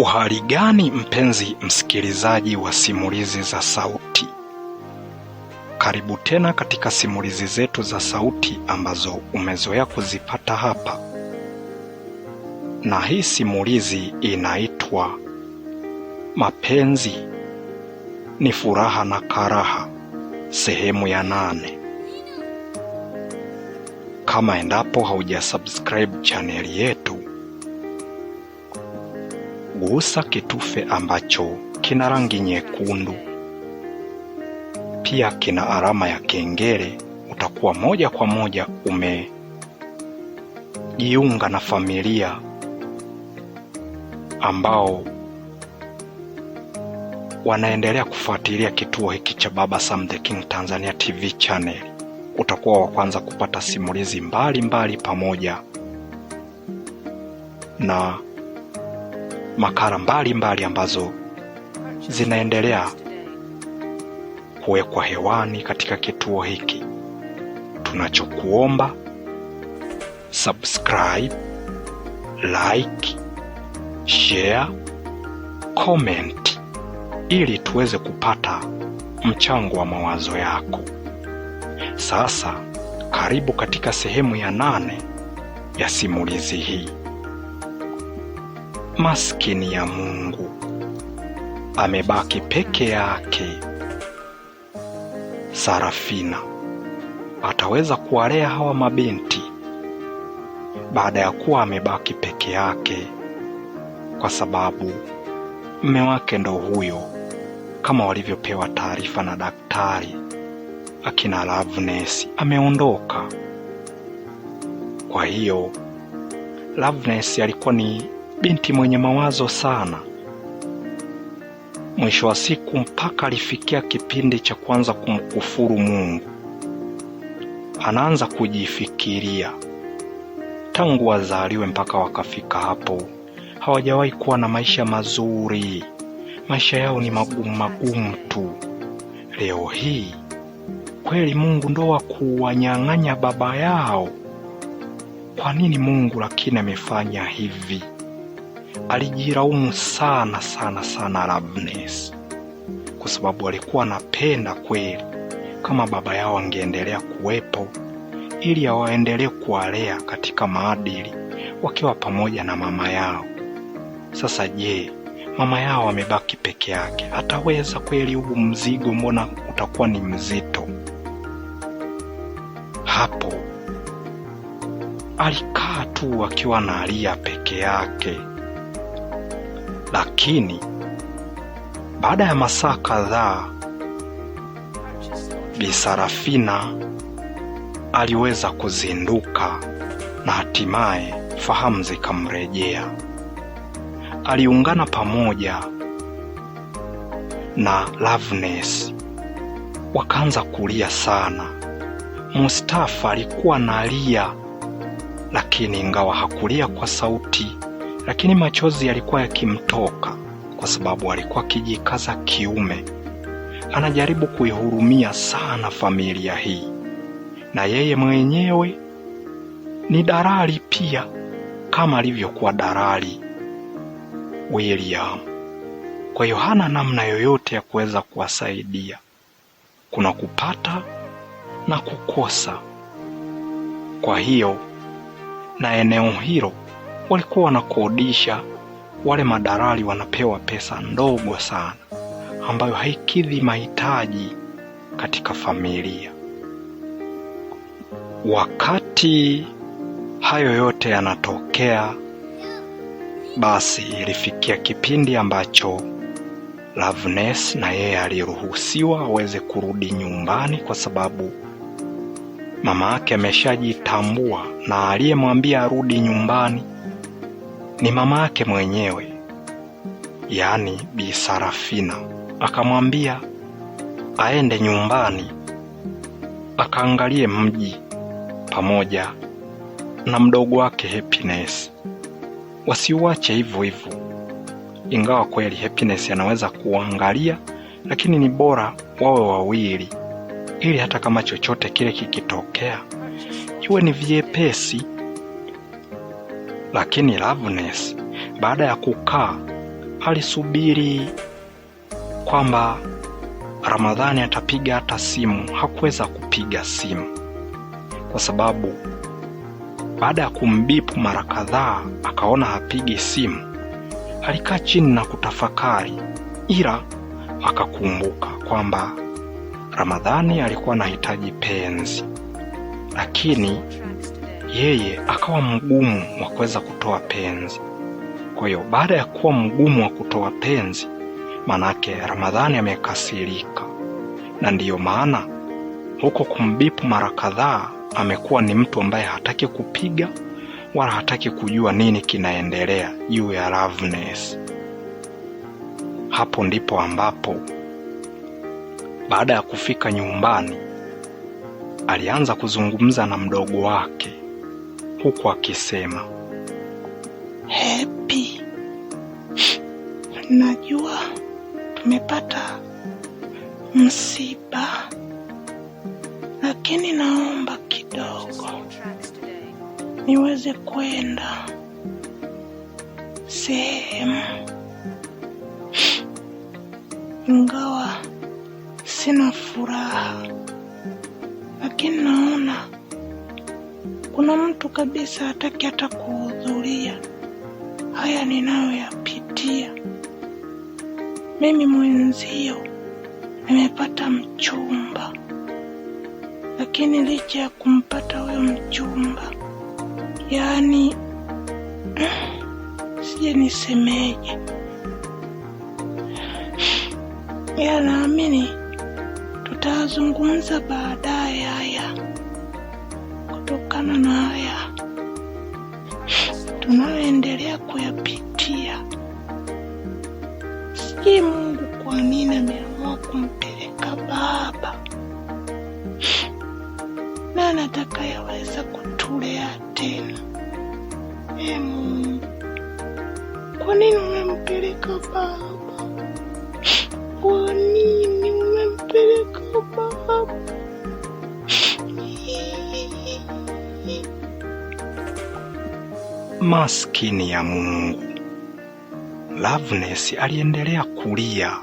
Uhali gani mpenzi msikilizaji wa simulizi za sauti, karibu tena katika simulizi zetu za sauti ambazo umezoea kuzipata hapa, na hii simulizi inaitwa Mapenzi ni Furaha na Karaha sehemu ya nane. Kama endapo haujasubscribe chaneli yetu gusa kitufe ambacho kina rangi nyekundu, pia kina alama ya kengele, utakuwa moja kwa moja umejiunga na familia ambao wanaendelea kufuatilia kituo hiki cha Baba Sam the King Tanzania TV channel. Utakuwa wa kwanza kupata simulizi mbalimbali mbali pamoja na makala mbalimbali mbali ambazo zinaendelea kuwekwa hewani katika kituo hiki. Tunachokuomba subscribe, like, share, comment ili tuweze kupata mchango wa mawazo yako. Sasa karibu katika sehemu ya nane ya simulizi hii maskini ya Mungu amebaki peke yake. Sarafina ataweza kuwalea hawa mabinti baada ya kuwa amebaki peke yake, kwa sababu mme wake ndo huyo, kama walivyopewa taarifa na daktari, akina lavnesi ameondoka. Kwa hiyo lavnesi alikuwa ni binti mwenye mawazo sana. Mwisho wa siku, mpaka alifikia kipindi cha kuanza kumkufuru Mungu. Anaanza kujifikiria tangu wazaliwe mpaka wakafika hapo, hawajawahi kuwa na maisha mazuri. Maisha yao ni magumu magumu tu. Leo hii kweli Mungu ndo wa kuwanyang'anya baba yao? Kwa nini Mungu lakini amefanya hivi? alijilaumu sana sana sana Loveness kwa sababu alikuwa anapenda kweli, kama baba yao angeendelea kuwepo ili awaendelee kuwalea katika maadili wakiwa pamoja na mama yao. Sasa je, mama yao amebaki peke yake, ataweza kweli? Huu mzigo mbona utakuwa ni mzito. Hapo alikaa tu akiwa analia peke yake. Lakini baada ya masaa kadhaa, bisarafina aliweza kuzinduka na hatimaye fahamu zikamrejea. Aliungana pamoja na Loveness wakaanza kulia sana. Mustafa alikuwa analia, lakini ingawa hakulia kwa sauti lakini machozi yalikuwa yakimtoka kwa sababu alikuwa kijikaza kiume, anajaribu kuihurumia sana familia hii, na yeye mwenyewe ni dalali pia, kama alivyokuwa dalali William. Kwa hiyo hana namna yoyote ya kuweza kuwasaidia, kuna kupata na kukosa. Kwa hiyo na eneo hilo walikuwa wanakodisha wale madalali wanapewa pesa ndogo sana ambayo haikidhi mahitaji katika familia. Wakati hayo yote yanatokea, basi ilifikia kipindi ambacho Loveness na yeye aliruhusiwa aweze kurudi nyumbani kwa sababu mama yake ameshajitambua, na aliyemwambia arudi nyumbani ni mama yake mwenyewe, yaani Bi Sarafina. Akamwambia aende nyumbani akaangalie mji pamoja na mdogo wake Happiness, wasiuache hivyo hivyo. Ingawa kweli Happiness anaweza kuangalia, lakini ni bora wawe wawili, ili hata kama chochote kile kikitokea iwe ni vyepesi. Lakini Loveness baada ya kukaa alisubiri kwamba Ramadhani atapiga hata simu. Hakuweza kupiga simu kwa sababu baada ya kumbipu mara kadhaa akaona hapigi simu, alikaa chini na kutafakari, ila akakumbuka kwamba Ramadhani alikuwa anahitaji penzi, lakini yeye akawa mgumu wa kuweza kutoa penzi. Kwa hiyo baada ya kuwa mgumu wa kutoa penzi, manake Ramadhani amekasirika, na ndiyo maana huko kumbipu mara kadhaa amekuwa ni mtu ambaye hataki kupiga wala hataki kujua nini kinaendelea juu ya Loveness. Hapo ndipo ambapo baada ya kufika nyumbani alianza kuzungumza na mdogo wake huku akisema Happy, najua tumepata msiba, lakini naomba kidogo niweze kwenda sehemu, ingawa sina furaha, lakini naona kuna mtu kabisa hataki hata kuhudhuria haya ninayoyapitia. Mimi mwenzio nimepata mchumba, lakini licha ya kumpata huyo mchumba, yaani sije nisemeje, ya naamini tutazungumza baadaye haya kutokana na haya tunayoendelea kuyapitia. si Mungu kwa nini ameamua kumpeleka Baba, na yaweza kutulea tena. E Mungu, kwa nini umempeleka Baba? Kwa nini umempeleka Baba? Maskini ya Mungu. Loveness aliendelea kulia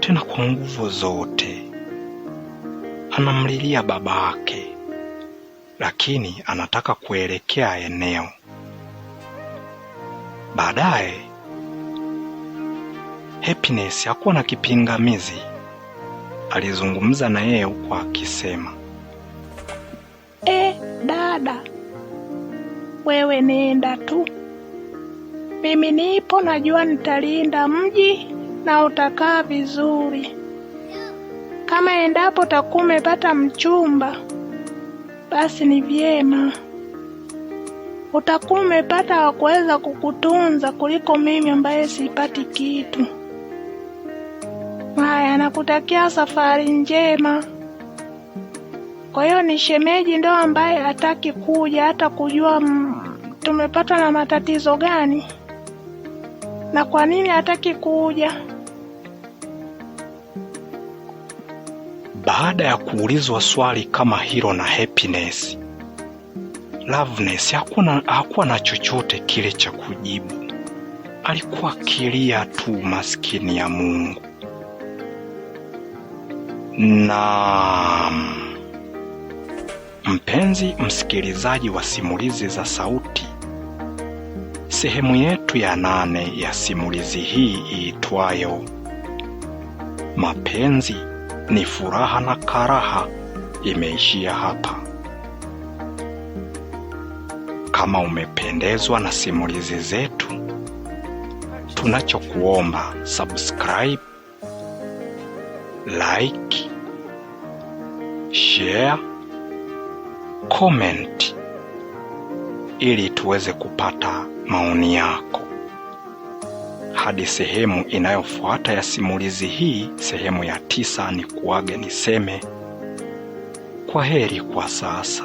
tena kwa nguvu zote. Anamlilia babake, lakini anataka kuelekea eneo. Baadaye Happiness hakuwa na kipingamizi, alizungumza na yeye huko akisema, eh, dada wewe nenda tu. Mimi nipo, najua nitalinda mji na utakaa vizuri. Kama endapo takuwa umepata mchumba, basi ni vyema, utakuwa umepata wa kuweza kukutunza kuliko mimi ambaye sipati kitu. Haya, nakutakia safari njema. Kwa hiyo ni shemeji ndo ambaye hataki kuja hata kujua tumepatwa na matatizo gani na kwa nini hataki kuja? Baada ya kuulizwa swali kama hilo na Happiness, Loveness hakuwa hakuwa na chochote kile cha kujibu. Alikuwa kilia tu, maskini ya Mungu. Na mpenzi msikilizaji wa simulizi za sauti sehemu yetu ya nane ya simulizi hii iitwayo Mapenzi ni Furaha na Karaha imeishia hapa. Kama umependezwa na simulizi zetu, tunachokuomba subscribe, like, share, comment ili tuweze kupata maoni yako. Hadi sehemu inayofuata ya simulizi hii, sehemu ya tisa, ni kuage niseme kwa heri kwa sasa.